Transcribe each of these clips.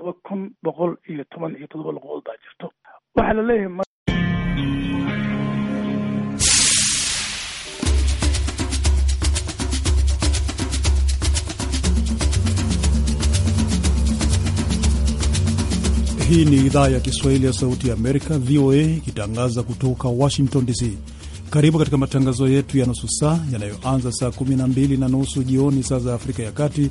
kun boqol iyo toban iyo baa jirto waxaa la leeyahay Hii ni idhaa ya Kiswahili ya Sauti ya Amerika, VOA, ikitangaza kutoka Washington DC. Karibu katika matangazo yetu ya nusu saa yanayoanza saa 12 na nusu jioni saa za Afrika ya Kati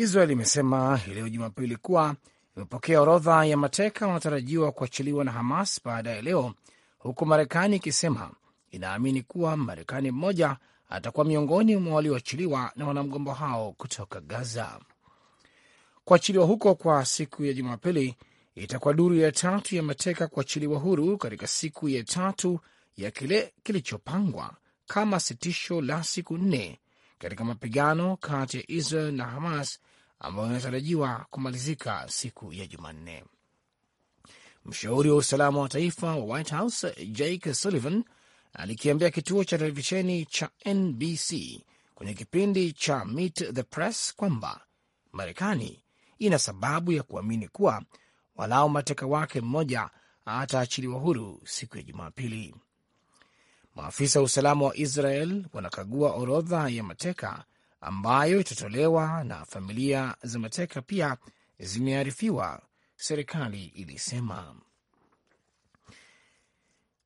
Israel imesema hii leo Jumapili kuwa imepokea orodha ya mateka wanaotarajiwa kuachiliwa na Hamas baada ya leo, huku Marekani ikisema inaamini kuwa Marekani mmoja atakuwa miongoni mwa walioachiliwa na wanamgambo hao kutoka Gaza. Kuachiliwa huko kwa siku ya Jumapili itakuwa duru ya tatu ya mateka kuachiliwa huru katika siku ya tatu ya kile kilichopangwa kama sitisho la siku nne katika mapigano kati ya Israel na Hamas ambayo inatarajiwa kumalizika siku ya Jumanne. Mshauri wa usalama wa taifa wa White House Jake Sullivan alikiambia kituo cha televisheni cha NBC kwenye kipindi cha Meet the Press kwamba Marekani ina sababu ya kuamini kuwa walao mateka wake mmoja ataachiliwa huru siku ya Jumapili. Maafisa wa usalama wa Israel wanakagua orodha ya mateka ambayo itatolewa na familia za mateka pia zimearifiwa, serikali ilisema.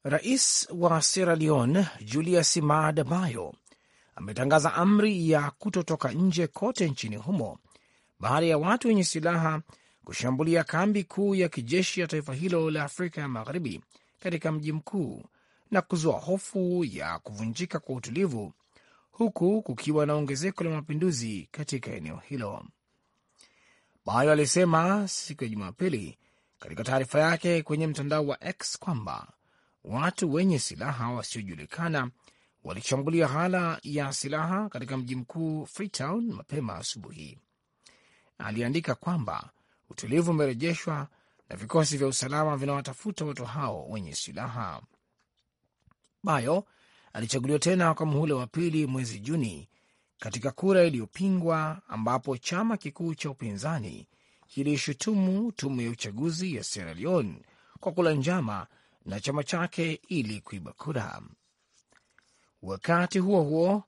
Rais wa Sierra Leone Julius Maada Bio ametangaza amri ya kutotoka nje kote nchini humo baada ya watu wenye silaha kushambulia kambi kuu ya kijeshi ya taifa hilo la Afrika ya Magharibi katika mji mkuu na kuzua hofu ya kuvunjika kwa utulivu huku kukiwa na ongezeko la mapinduzi katika eneo hilo. Bayo alisema siku ya Jumapili katika taarifa yake kwenye mtandao wa X kwamba watu wenye silaha wasiojulikana walishambulia ghala ya silaha katika mji mkuu Freetown mapema asubuhi. Aliandika kwamba utulivu umerejeshwa na vikosi vya usalama vinawatafuta watu hao wenye silaha. Bayo alichaguliwa tena kwa muhula wa pili mwezi Juni katika kura iliyopingwa ambapo chama kikuu cha upinzani kilishutumu tume ya uchaguzi ya Sierra Leone kwa kula njama na chama chake ili kuiba kura. Wakati huo huo,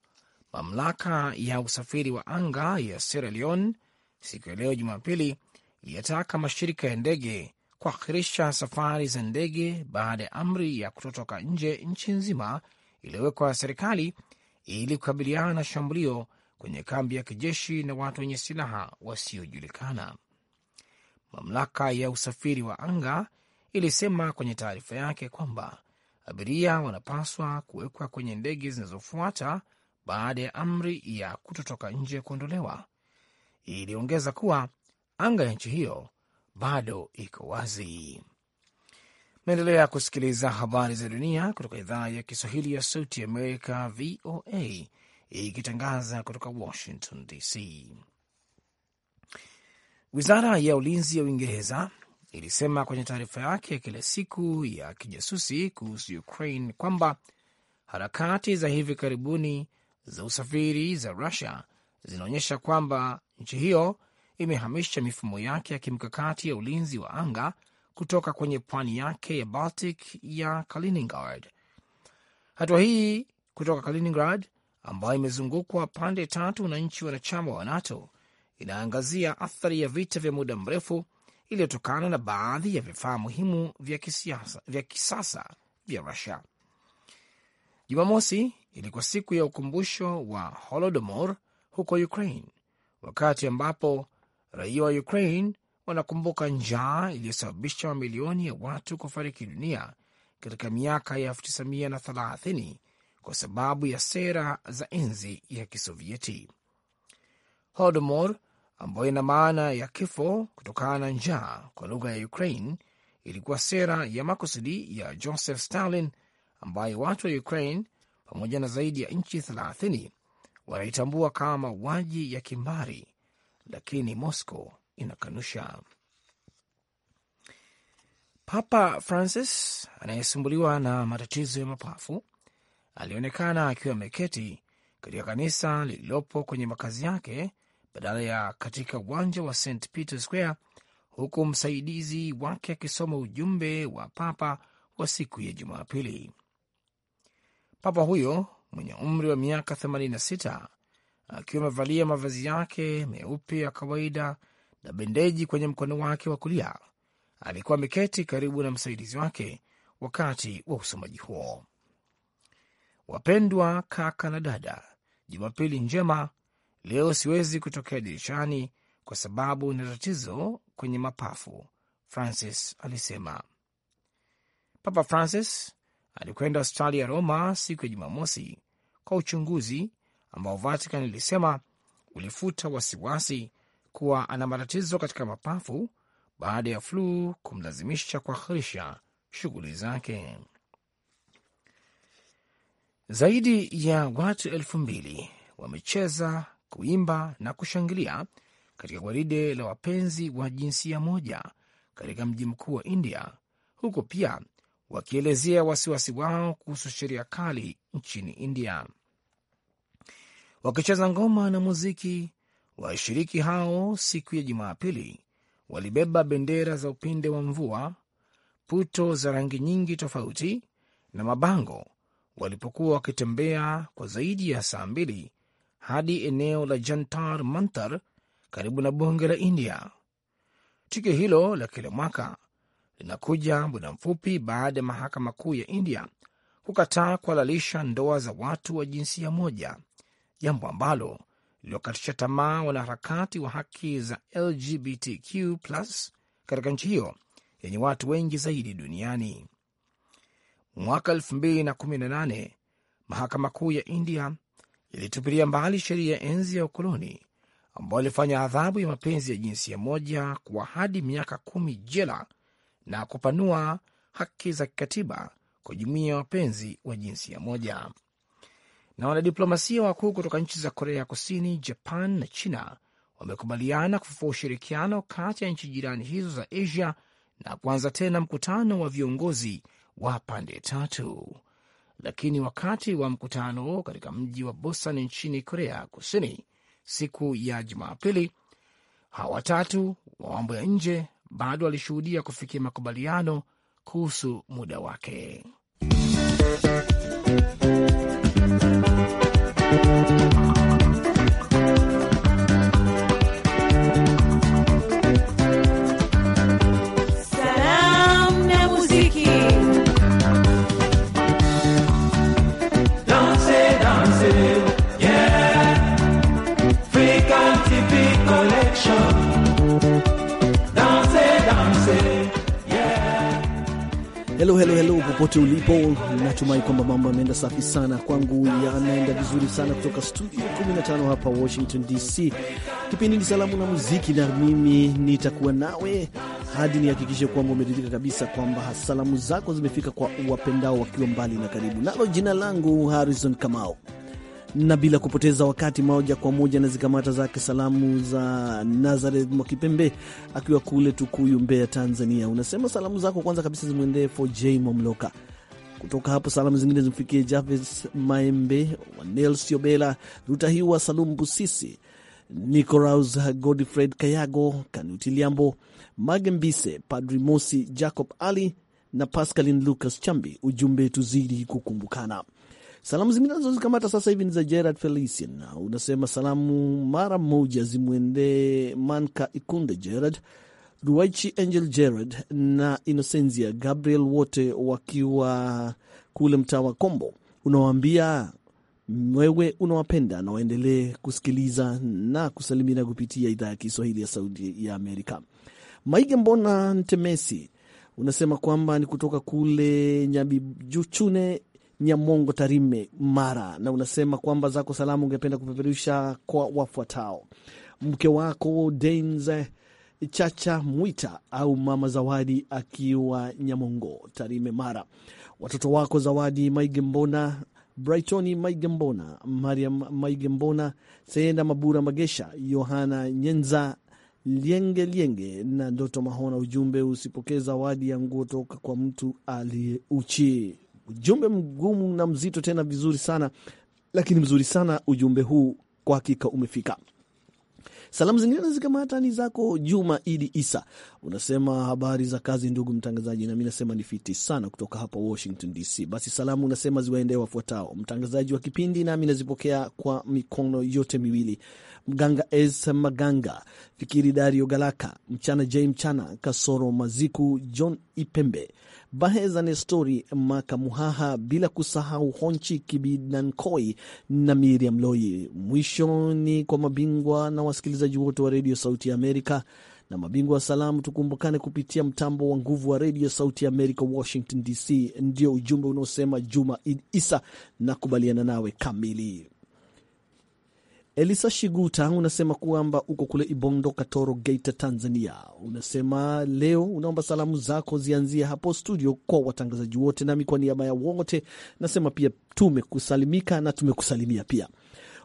mamlaka ya usafiri wa anga ya Sierra Leone siku ya leo Jumapili iliyataka mashirika ya ndege kuakhirisha safari za ndege baada ya amri ya kutotoka nje nchi nzima iliyowekwa serikali ili kukabiliana na shambulio kwenye kambi ya kijeshi na watu wenye silaha wasiojulikana. Mamlaka ya usafiri wa anga ilisema kwenye taarifa yake kwamba abiria wanapaswa kuwekwa kwenye ndege zinazofuata baada ya amri ya kutotoka nje kuondolewa. Iliongeza kuwa anga ya nchi hiyo bado iko wazi. Naendelea kusikiliza habari za dunia kutoka idhaa ya Kiswahili ya Sauti Amerika, VOA, ikitangaza kutoka Washington DC. Wizara ya ulinzi ya Uingereza ilisema kwenye taarifa yake ya kila siku ya kijasusi kuhusu Ukraine kwamba harakati za hivi karibuni za usafiri za Rusia zinaonyesha kwamba nchi hiyo imehamisha mifumo yake ya kimkakati ya ulinzi wa anga kutoka kwenye pwani yake ya Baltic ya Kaliningrad. Hatua hii kutoka Kaliningrad, ambayo imezungukwa pande tatu na nchi wanachama wa NATO, inaangazia athari ya vita vya muda mrefu iliyotokana na baadhi ya vifaa muhimu vya, kisiasa, vya kisasa vya Rusia. Jumamosi ilikuwa siku ya ukumbusho wa Holodomor huko Ukraine, wakati ambapo raia wa Ukraine wanakumbuka njaa iliyosababisha mamilioni ya watu kufariki dunia katika miaka ya 1930 kwa sababu ya sera za enzi ya Kisovieti. Holodomor, ambayo ina maana ya kifo kutokana na njaa kwa lugha ya Ukraine, ilikuwa sera ya makusudi ya Joseph Stalin ambayo watu wa Ukraine pamoja na zaidi ya nchi 30 wanaitambua kama mauaji ya kimbari, lakini Moscow inakanusha. Papa Francis anayesumbuliwa na matatizo ya mapafu alionekana akiwa ameketi katika kanisa lililopo kwenye makazi yake badala ya katika uwanja wa St Peter Square, huku msaidizi wake akisoma ujumbe wa papa wa siku ya Jumapili. Papa huyo mwenye umri wa miaka 86 akiwa amevalia mavazi yake meupe ya kawaida na bendeji kwenye mkono wake wa kulia. Alikuwa ameketi karibu na msaidizi wake wakati wa usomaji huo. Wapendwa kaka na dada, Jumapili njema. Leo siwezi kutokea dirishani kwa sababu na tatizo kwenye mapafu, Francis alisema. Papa Francis alikwenda hospitali ya Roma siku ya Jumamosi kwa uchunguzi ambao Vatican ilisema ulifuta wasiwasi kuwa ana matatizo katika mapafu baada ya flu kumlazimisha kuahirisha shughuli zake. Zaidi ya watu elfu mbili wamecheza, kuimba na kushangilia katika gwaride la wapenzi wa jinsia moja katika mji mkuu wa India, huku pia wakielezea wasiwasi wao kuhusu sheria kali nchini India. Wakicheza ngoma na muziki, Washiriki hao siku ya Jumapili walibeba bendera za upinde wa mvua, puto za rangi nyingi tofauti na mabango walipokuwa wakitembea kwa zaidi ya saa mbili hadi eneo la Jantar Mantar karibu na bonge la India. Tukio hilo la kila mwaka linakuja muda mfupi baada ya mahakama kuu ya India kukataa kuhalalisha ndoa za watu wa jinsia moja, jambo ambalo iliyokatisha tamaa wanaharakati wa haki za LGBTQ katika nchi hiyo yenye watu wengi zaidi duniani. Mwaka 2018 mahakama kuu ya India ilitupilia mbali sheria ya enzi ya ukoloni ambayo ilifanya adhabu ya mapenzi ya jinsia moja kuwa hadi miaka kumi jela na kupanua haki za kikatiba kwa jumuiya ya wapenzi wa jinsia moja na wanadiplomasia wakuu kutoka nchi za Korea Kusini, Japan na China wamekubaliana kufufua ushirikiano kati ya nchi jirani hizo za Asia na kuanza tena mkutano wa viongozi wa pande tatu. Lakini wakati wa mkutano katika mji wa Busan nchini Korea Kusini siku ya Jumapili, hawa watatu wa mambo ya nje bado walishuhudia kufikia makubaliano kuhusu muda wake. Thank you. Helo, helo, helo, popote ulipo, natumai kwamba mambo yameenda safi sana. Kwangu yanaenda vizuri sana, kutoka studio 15 hapa Washington DC. Kipindi ni salamu na muziki, na mimi nitakuwa nawe hadi nihakikishe kwamba umeridhika kabisa kwamba salamu zako zimefika kwa wapendao wakiwa mbali na karibu. Nalo jina langu Harrison Kamau na bila kupoteza wakati, moja kwa moja na zikamata zake salamu za Nazareth Mwakipembe akiwa kule Tukuyu, Mbeya, Tanzania. Unasema salamu zako kwanza kabisa zimwendee j momloka Kutoka hapo salamu zingine zimfikie Javes Maembe, Wanelsiobela Rutahiwa, Salum Busisi, Nicolas Godfred Kayago, Kanuti Liambo, Magembise, Padri Mosi, Jacob Ali na Pascalin Lucas Chambi. Ujumbe, tuzidi kukumbukana. Salamu zingine sasa hivi ni za Gerard Felician, unasema salamu mara moja zimwendee Manka Ikunde, Gerard ruaichi Angel Gerard na Innocenzia Gabriel, wote wakiwa kule mtaa wa Kombo. Unawaambia wewe unawapenda na waendelee kusikiliza na kusalimina kupitia idhaa ya Kiswahili ya Sauti ya Amerika. Maige Mbona Ntemesi unasema kwamba ni kutoka kule Nyabijuchune Nyamongo Tarime, Mara, na unasema kwamba zako salamu ungependa kupeperusha kwa wafuatao: mke wako Denze Chacha Mwita au mama Zawadi akiwa Nyamongo Tarime, Mara, watoto wako Zawadi maige mbona Brightoni Mbona, Mariam maige mbona Seenda Mabura Magesha, Yohana Nyenza Lienge Lienge na Ndoto Mahona. Ujumbe, usipokee zawadi ya nguo toka kwa mtu aliyeuchi. Ujumbe mgumu na mzito tena vizuri sana, lakini mzuri sana ujumbe huu kwa hakika umefika. Salamu zingine zikamata ni zako Juma Idi Isa, unasema habari za kazi ndugu mtangazaji, nami nasema ni fiti sana kutoka hapa Washington DC. Basi salamu unasema ziwaendee wafuatao, mtangazaji wa kipindi, nami nazipokea kwa mikono yote miwili. Mganga Es Maganga, Fikiri Dario Galaka, Mchana J Mchana, Kasoro Maziku, John Ipembe Baheza Nestori Makamuhaha, bila kusahau Honchi Kibinankoi na Miriam Loi. Mwishoni kwa mabingwa na wasikilizaji wote wa redio Sauti ya Amerika na mabingwa wa salamu, tukumbukane kupitia mtambo wa nguvu wa redio Sauti ya Amerika, Washington DC. Ndio ujumbe unaosema Juma Id Isa, nakubaliana nawe kamili. Elisa Shiguta unasema kwamba uko kule Ibondo, Katoro, Geita, Tanzania. Unasema leo unaomba salamu zako zianzie hapo studio kwa watangazaji wote, nami kwa niaba ya wote nasema pia tumekusalimika na tumekusalimia pia.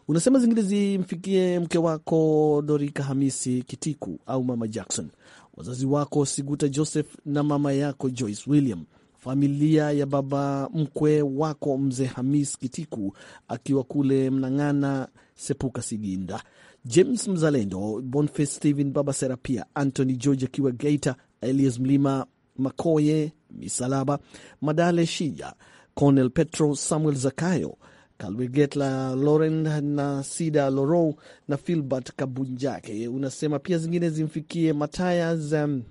Unasema zingine zimfikie mke wako Dorika Hamisi Kitiku au Mama Jackson, wazazi wako Siguta Joseph na mama yako Joyce William familia ya baba mkwe wako mzee Hamis Kitiku akiwa kule Mnang'ana Sepuka Siginda, James Mzalendo, Boniface Stephen, baba Serapia, Anthony George akiwa Geita, Elias Mlima Makoye Misalaba, Madale Shija, Cornel Petro, Samuel Zakayo, Kalwegetla Loren na Sida Loro na Filbert Kabunjake. Unasema pia zingine zimfikie Matayas um,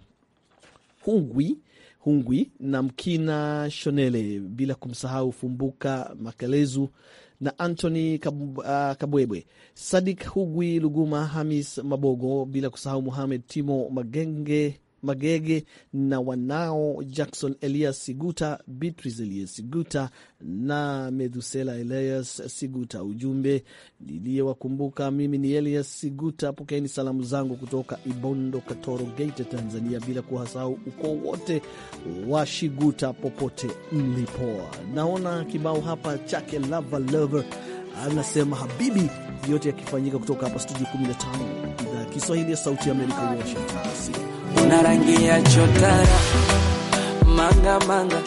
Hungwi Hungwi na Mkina Shonele, bila kumsahau Fumbuka Makelezu na Anthony uh, Kabwebwe, Sadik Hugwi Luguma, Hamis Mabogo, bila kusahau Muhamed Timo Magenge Magege na wanao Jackson Elias Siguta, Beatrice Elias Siguta na Methusela Elias Siguta. Ujumbe niliyewakumbuka mimi ni Elias Siguta, pokeeni salamu zangu kutoka Ibondo, Katoro, Geita, Tanzania, bila kuwasahau ukoo wote wa Shiguta popote mlipo. Naona kibao hapa chake Lava Love anasema habibi, yote yakifanyika kutoka hapa studio 15 idhaa ya Kiswahili ya Sauti ya Amerika, Washington DC una rangi ya chotara manga manga,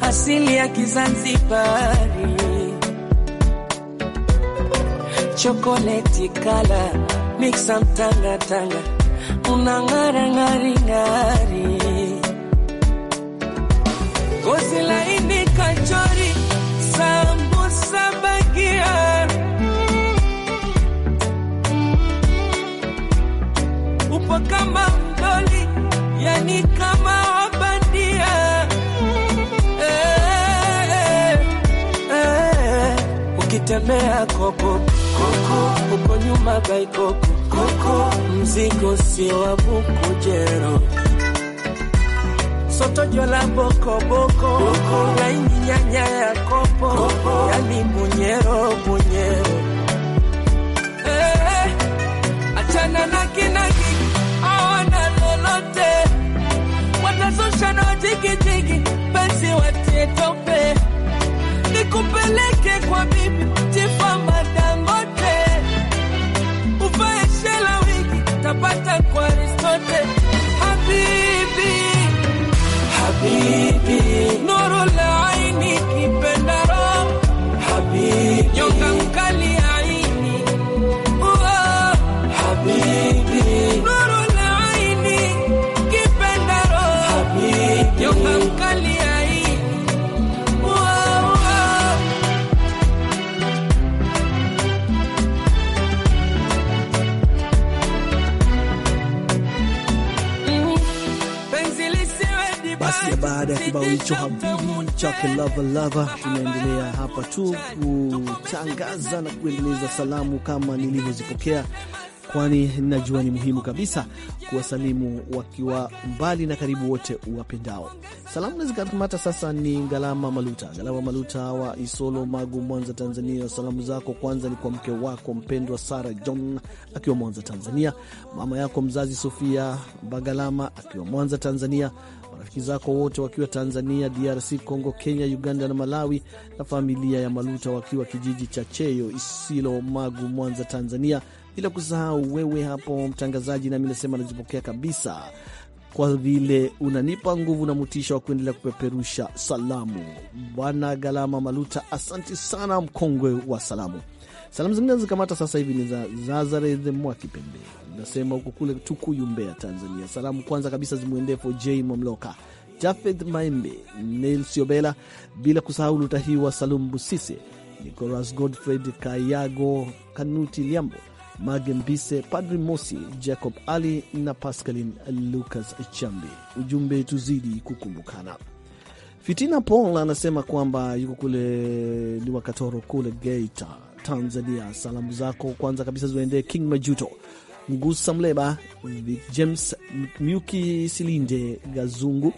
asili ya Kizanzibari, chokoleti kala mixa mtanga tanga, una ngara ngari ngari, gozi laini kachori ni kama wabandia eh, eh, eh. Ukitembea koko koko, uko nyuma bai koko koko, mzigo sio wa bukujero soto jola boko boko koko, na ini nyanya ya kopo koko, yani munyero munyero eh, eh, eh. achana na nitope nikupeleke kwa bibi kibao hicho habibi chake lava lava. Tunaendelea hapa tu kutangaza na kuendeleza salamu kama nilivyozipokea, kwani najua ni muhimu kabisa kuwasalimu wakiwa mbali na karibu wote uwapendao. Salamu na nazikamata sasa. Ni Ngalama Maluta, Ngalama Maluta wa Isolo, Magu, Mwanza, Tanzania. Salamu zako kwanza ni kwa mke wako mpendwa Sara John akiwa Mwanza, Tanzania, mama yako mzazi Sofia Bagalama akiwa Mwanza, Tanzania, marafiki zako wote wakiwa Tanzania, DRC Congo, Kenya, Uganda na Malawi, na familia ya Maluta wakiwa kijiji cha Cheyo Isilo Magu, Mwanza, Tanzania, bila kusahau wewe hapo mtangazaji. Nami nasema nazipokea kabisa kwa vile unanipa nguvu na mutisha wa kuendelea kupeperusha salamu. Bwana Galama Maluta, asanti sana, mkongwe wa salamu. Salamu zingine zikamata sasa hivi ni za Zazareth Mwakipembee Nasema huko kule Tukuyu, Mbeya, Tanzania. Salamu kwanza kabisa zimwendee J Momloka, Jafeth Maembe, Nelsiobela, bila kusahau Lutahiwa Salum Busise, Nicolas Godfred Kayago, Kanuti Liambo, Magembise, Padri Mosi, Jacob Ali na Pascalin Lucas Chambi. Ujumbe, tuzidi kukumbukana. Fitina Paul anasema kwamba yuko kule Liwakatoro kule Geita, Tanzania. Salamu zako kwanza kabisa ziwaendee King Majuto, Mgusa Mleba, James Myuki, Silinde Gazungu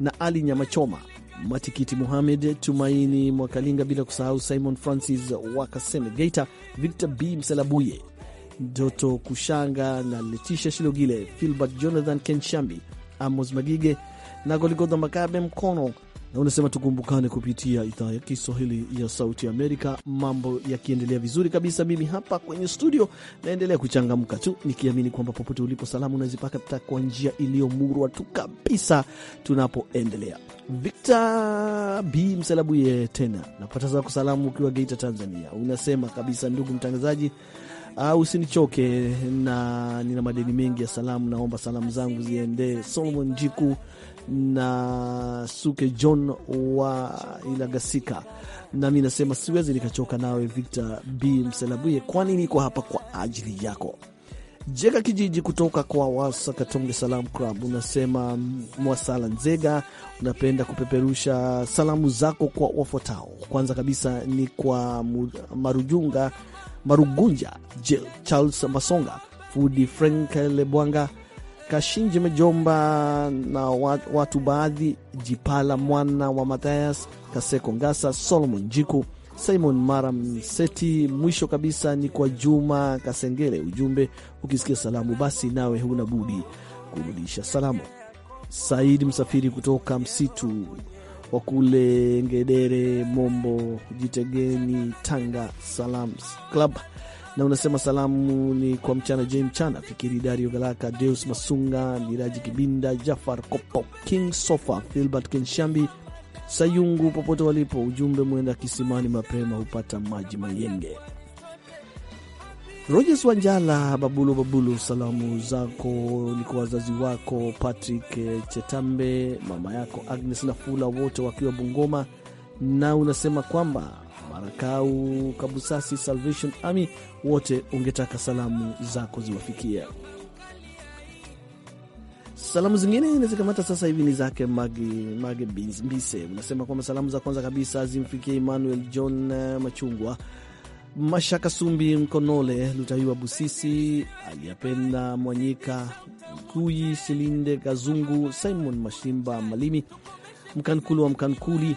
na Ali Nyamachoma, Matikiti Muhamed, Tumaini Mwakalinga, bila kusahau Simon Francis Wakaseme Geita, Victor B Mselabuye, Doto Kushanga na Letisha Shilogile, Filbert Jonathan Kenshambi, Amos Magige na Goligodha Makabe Mkono na unasema tukumbukane kupitia idhaa ya Kiswahili ya Sauti Amerika. Mambo yakiendelea vizuri kabisa, mimi hapa kwenye studio naendelea kuchangamka tu nikiamini kwamba popote ulipo salamu unazipata kwa njia iliyomurwa tu kabisa. Tunapoendelea, Victor B Msalabuye tena napata zako salamu ukiwa Geita, Tanzania. Unasema kabisa, ndugu mtangazaji Uh, usinichoke na nina madeni mengi ya salamu. Naomba salamu zangu ziendee Solomon Jiku, na Suke John wa Ilagasika. Nami nasema siwezi nikachoka nawe Victor B Mselabuye, kwani niko hapa kwa ajili yako. Jega kijiji kutoka kwa Wasakatonge Salam Club unasema Mwasala Nzega, unapenda kupeperusha salamu zako kwa wafuatao. Kwanza kabisa ni kwa Marujunga Marugunja Charles Masonga Fudi Frank Lebwanga Kashinji Mjomba na watu baadhi, Jipala mwana wa mathayas Kaseko Ngasa, Solomon Jiku, Simon Mara Mseti. Mwisho kabisa ni kwa Juma Kasengere, ujumbe ukisikia salamu basi nawe huna budi kurudisha salamu. Saidi Msafiri kutoka msitu wa kule Ngedere, Mombo, Jitegeni, Tanga, Salam Club na unasema salamu ni kwa mchana j mchana Fikiri Dario Galaka, Deus Masunga, Miraji Kibinda, Jafar Kopo, King Sofa, Filbert Kenshambi Sayungu popote walipo. Ujumbe mwenda kisimani mapema hupata maji mayenge. Rogers Wanjala Babulu Babulu, salamu zako ni kwa wazazi wako Patrick Chetambe, mama yako Agnes Nafula, wote wakiwa Bungoma, na unasema kwamba Marakau Kabusasi Salvation Army wote ungetaka salamu zako ziwafikia. Salamu zingine nazikamata sasa hivi ni zake Magi, Magi Mbise. Unasema kwamba salamu za kwanza kabisa zimfikie Emmanuel John eh, Machungwa, Mashaka Sumbi, Mkonole Lutahiwa, Busisi Aliyapenda, Mwanyika Mkuyi, Silinde Kazungu, Simon Mashimba Malimi, Mkankulu wa Mkankuli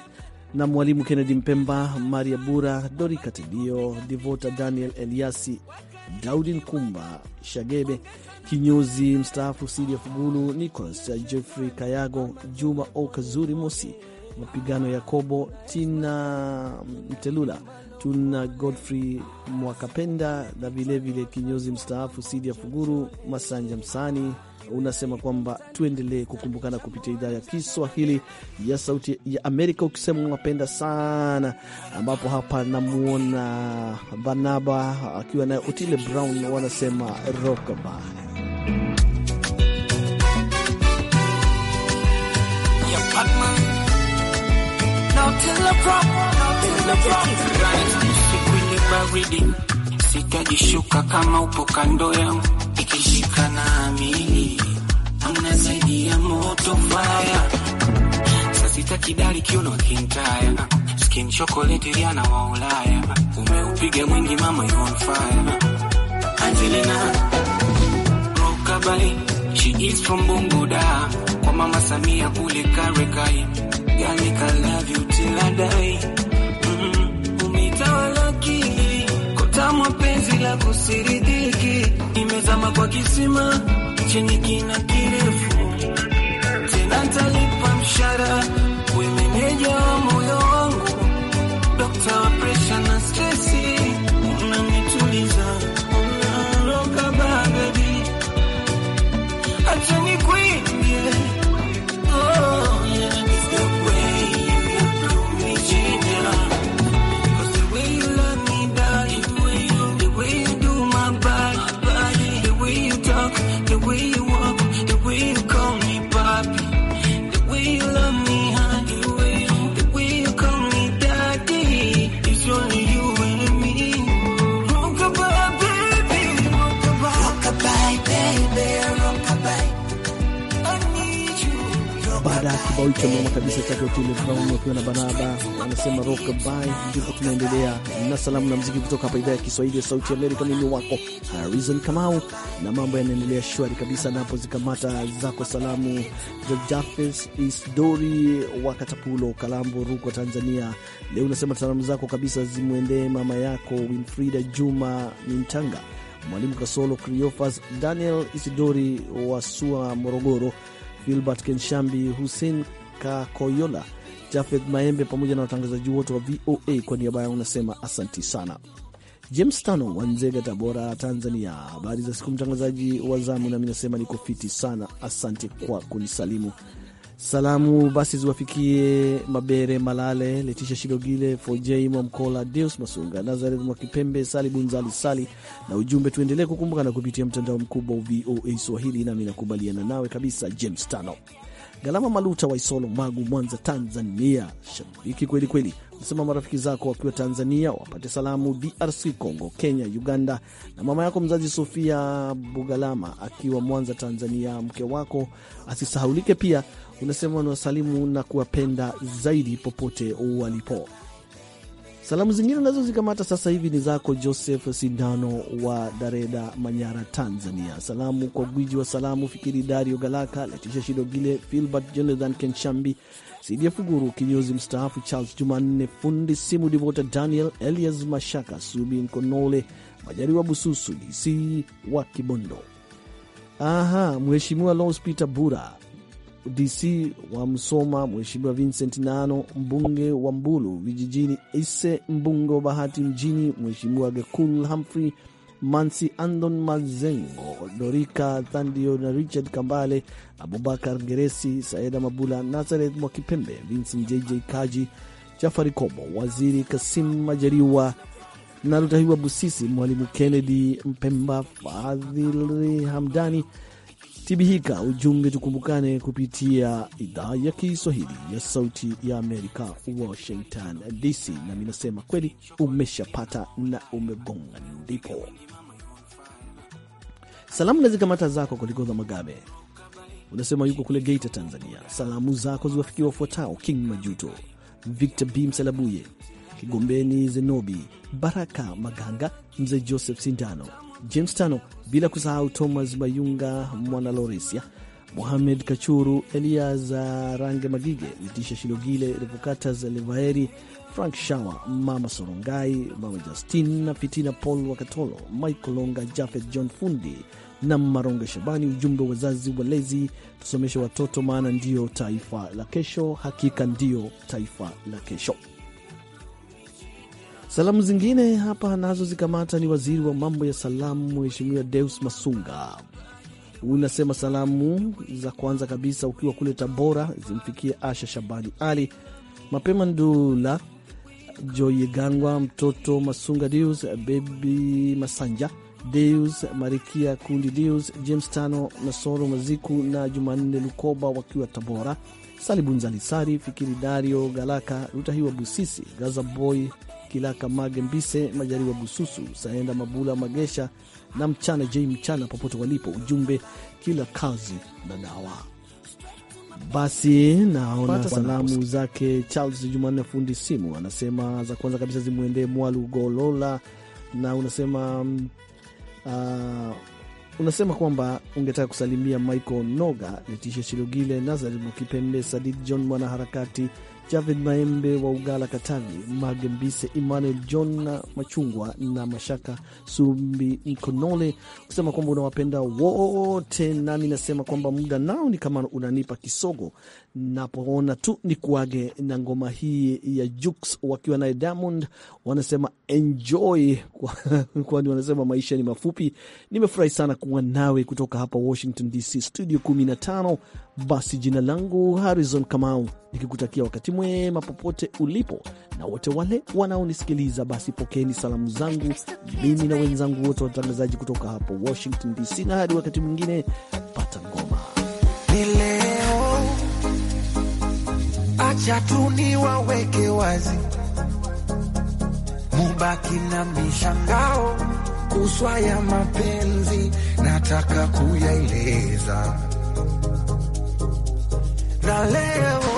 na Mwalimu Kennedy Mpemba, Maria Bura, Dori Katibio, Divota Daniel Eliasi, Daudi Nkumba Shagebe, kinyozi mstaafu Sidia Fugulu, Nicolas Jeffrey Kayago, Juma Okazuri Mosi, Mapigano Yakobo, Tina Mtelula, tuna Godfrey Mwakapenda na vilevile kinyozi mstaafu Sidia Fuguru, Masanja Msani unasema kwamba tuendelee kukumbukana kupitia idhaa ya Kiswahili ya Sauti ya Amerika, ukisema unapenda sana, ambapo hapa namwona Banaba akiwa naye Otile Brown wanasema rockaba Sitajishuka kama upo kando yangu ikishika na amini amna zaidi ya moto faya sasita kidali kiuno kintaya skin chocolate riana wa Ulaya umeupiga mwingi mama you on fire Angelina Rokabali she is from Bunguda kwa mama Samia kule Karekai yani ka love you till I die mm -hmm. umitawala kili kotamwa penzi la kusiridiki nimezama kwa kisima chenye kina kirefu, tena talipa mshara, wa moyo wangu dokta goodbye. By, ndipo tunaendelea na salamu na mziki kutoka hapa idhaa ya Kiswahili ya Sauti Amerika. Mimi wako Harizon Kamau, na mambo yanaendelea shwari kabisa. Napozikamata zako salamu za Jafes Isdori wa Katapulo, Kalambo, Ruko, Tanzania. Leo unasema salamu zako kabisa zimwendee mama yako Winfrida Juma Mintanga, Mwalimu Kasolo, Kriofas, Daniel Isidori wa Sua, Morogoro, Filbert Kenshambi, Hussein Kakoyola Jafeth Maembe pamoja na watangazaji wote wa VOA. Kwa niaba yao unasema asanti sana. James Tano wa Nzega, Tabora, Tanzania, habari za siku mtangazaji wa zamu. Nami nasema niko fiti sana, asante kwa kunisalimu. Salamu basi ziwafikie Mabere Malale, Letisha Shilogile, Fojei Mwamkola, Deus Masunga, Nazareth Mwakipembe, Sali Bunzali Sali, na ujumbe tuendelee kukumbukana kupitia mtandao mkubwa wa VOA Swahili. Nami nakubaliana nawe kabisa, James Tano. Galama Maluta wa Isolo, Magu, Mwanza, Tanzania. Shabiki kweli kweli, nasema marafiki zako wakiwa Tanzania wapate salamu DRC Congo, Kenya, Uganda na mama yako mzazi Sofia Bugalama akiwa Mwanza, Tanzania. Mke wako asisahaulike pia, unasema unawasalimu na kuwapenda zaidi popote walipo. Salamu zingine nazo zikamata sasa hivi ni zako Joseph Sindano wa Dareda, Manyara, Tanzania. Salamu kwa gwiji wa salamu Fikiri Dario Galaka, Letisha Shidogile, Filbert Jonathan Kenshambi, Sidia Fuguru kinyozi mstaafu, Charles Jumanne fundi simu, Divota Daniel Elias Mashaka, Subi Nkonole, Majariwa Bususu DC wa Kibondo. Aha, Mheshimiwa Los Peter Bura DC wa Msoma, Mheshimiwa Vincent Nano, mbunge wa Mbulu vijijini, Ise mbunge wa Bahati mjini, Mheshimiwa Gekul Humphrey Mansi, Andon Mazengo, Dorika Thandio na Richard Kambale, Abubakar Geresi, Saida Mabula, Nazareth Mwakipembe, Vincent JJ Kaji, Jafari Kobo, Waziri Kasim majariwa na Rutahiwa Busisi, Mwalimu Kennedy Mpemba, Fadhili Hamdani Tibihika ujumbe tukumbukane kupitia idhaa ya Kiswahili ya Sauti ya Amerika, Washington DC. Nami nasema kweli, umeshapata na umegonga ndipo. Salamu na zikamata zako Koligodha Magabe, unasema yuko kule Geita, Tanzania. Salamu zako ziwafikia wafuatao: King Majuto, Victor B Msalabuye, Kigombeni Zenobi, Baraka Maganga, Mzee Joseph Sindano James Tano, bila kusahau Thomas Mayunga, mwana Lorisia, Mohamed Kachuru, Elias Range Magige, Litisha Shilogile, Revocatas Levaeri, Frank Shawa, Mama Sorongai, Mama Justin, Fitina Paul Wakatolo, Michael Longa, Jafet John Fundi na Maronge Shabani. Ujumbe wazazi walezi, tusomeshe watoto, maana ndiyo taifa la kesho. Hakika ndiyo taifa la kesho. Salamu zingine hapa nazo zikamata ni waziri wa mambo ya salamu, Mheshimiwa Deus Masunga. Unasema salamu za kwanza kabisa ukiwa kule Tabora zimfikie Asha Shabani Ali mapema Ndula Joyegangwa, mtoto Masunga, Deus Bebi Masanja, Deus Marikia Kundi, Deus James Tano, Nasoro Maziku na Jumanne Lukoba wakiwa Tabora, Salibunzalisari Fikiri, Dario Galaka Rutahiwa, Busisi Gaza Boy Kilaka Mage Mbise, Majariwa Bususu, Saenda Mabula Magesha na Mchana J Mchana popote walipo. Ujumbe kila kazi na dawa. Basi naona salamu zake Charles Jumanne fundi simu, anasema za kwanza kabisa zimwendee Mwalu Golola na unasema uh, unasema kwamba ungetaka kusalimia Michael Noga, Letisha Shirugile, Nazari Mukipembe, Sadik John mwanaharakati Javid Maembe wa Ugala, Katavi, Magembise Emmanuel John na Machungwa na Mashaka Sumbi Mkonole, kusema kwamba unawapenda wote, nami nasema kwamba muda nao ni kama unanipa kisogo, napoona tu ni kuage na ngoma hii ya Jux wakiwa naye Diamond. Wanasema enjoy, kwani wanasema maisha ni mafupi. Nimefurahi sana kuwa nawe kutoka hapa Washington DC, studio 15. Basi jina langu Harrison Kamau nikikutakia wakati mwema popote ulipo, na wote wale wanaonisikiliza, basi pokeeni salamu zangu mimi na wenzangu wote watangazaji kutoka hapo Washington DC, na hadi wakati mwingine, pata ngoma leo. Acha tu niwaweke wazi, mubaki na mishangao kuswa ya mapenzi, nataka kuyaeleza na leo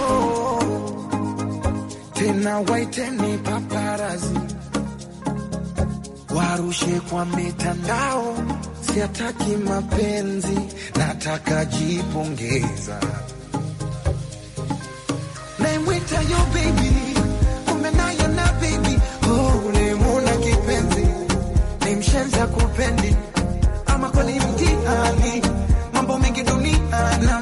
tena waiteni paparazi warushe kwa mitandao, siataki mapenzi, nataka jipongeza. Naimwita yo baby, kumbe na baby, oh, nemuna kipenzi, nimshenza kupendi ama kweli mtihani, mambo mengi duniani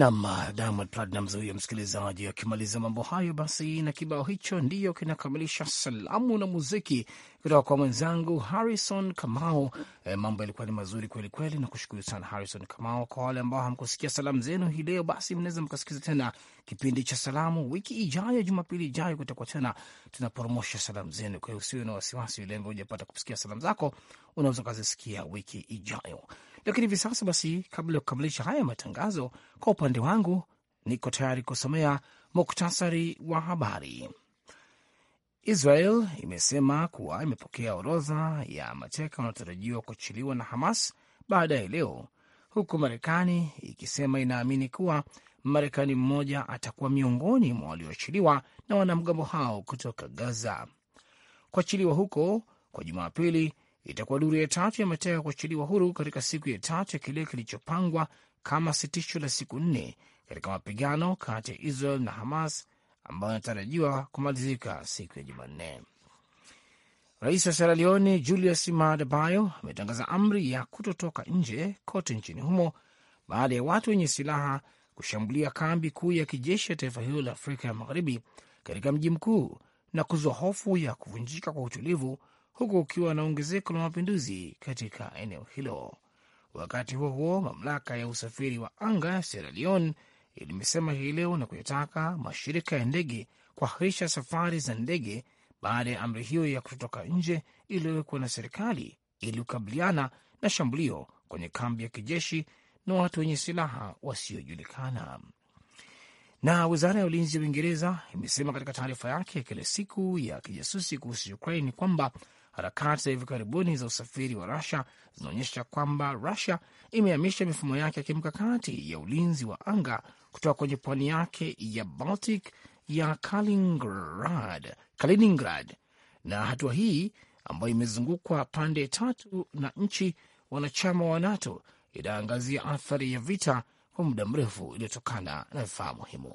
Nam Diamond Platnumz huyo msikilizaji. Akimaliza mambo hayo, basi na kibao hicho ndiyo kinakamilisha salamu na muziki kutoka kwa mwenzangu Harrison Kamau. E, mambo yalikuwa ni mazuri kweli kweli, na kushukuru sana Harrison Kamau. Kwa wale ambao hamkusikia salamu zenu hii leo, basi mnaweza mkasikiza tena kipindi cha salamu wiki ijayo, Jumapili ijayo kutakuwa tena tunaporomosha salamu zenu. Kwa hiyo usiwe na wasiwasi, ule ujapata kusikia salamu zako unaweza ukazisikia wiki ijayo. Lakini hivi sasa basi, kabla ya kukamilisha haya matangazo, kwa upande wangu niko tayari kusomea muktasari wa habari. Israel imesema kuwa imepokea orodha ya mateka wanaotarajiwa kuachiliwa na Hamas baadaye leo, huku Marekani ikisema inaamini kuwa Marekani mmoja atakuwa miongoni mwa walioachiliwa na wanamgambo hao kutoka Gaza. Kuachiliwa huko kwa Jumapili itakuwa duru ya tatu ya mateka kuachiliwa huru katika siku ya tatu ya kile kilichopangwa kama sitisho la siku nne katika mapigano kati ya Israel na Hamas ambayo inatarajiwa kumalizika siku ya Jumanne. Rais wa Sierra Leone Julius Maada Bio ametangaza amri ya kutotoka nje kote nchini humo baada ya watu wenye silaha kushambulia kambi kuu ya kijeshi ya taifa hilo la Afrika ya Magharibi katika mji mkuu na kuzua hofu ya kuvunjika kwa utulivu huku ukiwa na ongezeko la mapinduzi katika eneo hilo. Wakati huo huo, mamlaka ya usafiri wa anga ya Sierra Leone ilimesema hii leo na kuyataka mashirika ya ndege kuahirisha safari za ndege baada ya amri hiyo ya kutotoka nje iliyowekwa na serikali ili kukabiliana na shambulio kwenye kambi ya kijeshi na watu wenye silaha wasiojulikana. Na wizara ya ulinzi ya Uingereza imesema katika taarifa yake ya kila siku ya kijasusi kuhusu Ukraine kwamba Harakati za hivi karibuni za usafiri wa Rusia zinaonyesha kwamba Rusia imehamisha mifumo yake ya kimkakati ya ulinzi wa anga kutoka kwenye pwani yake ya Baltic ya Kaliningrad, Kaliningrad. Na hatua hii ambayo imezungukwa pande tatu na nchi wanachama wa NATO inaangazia athari ya vita kwa muda mrefu iliyotokana na vifaa muhimu.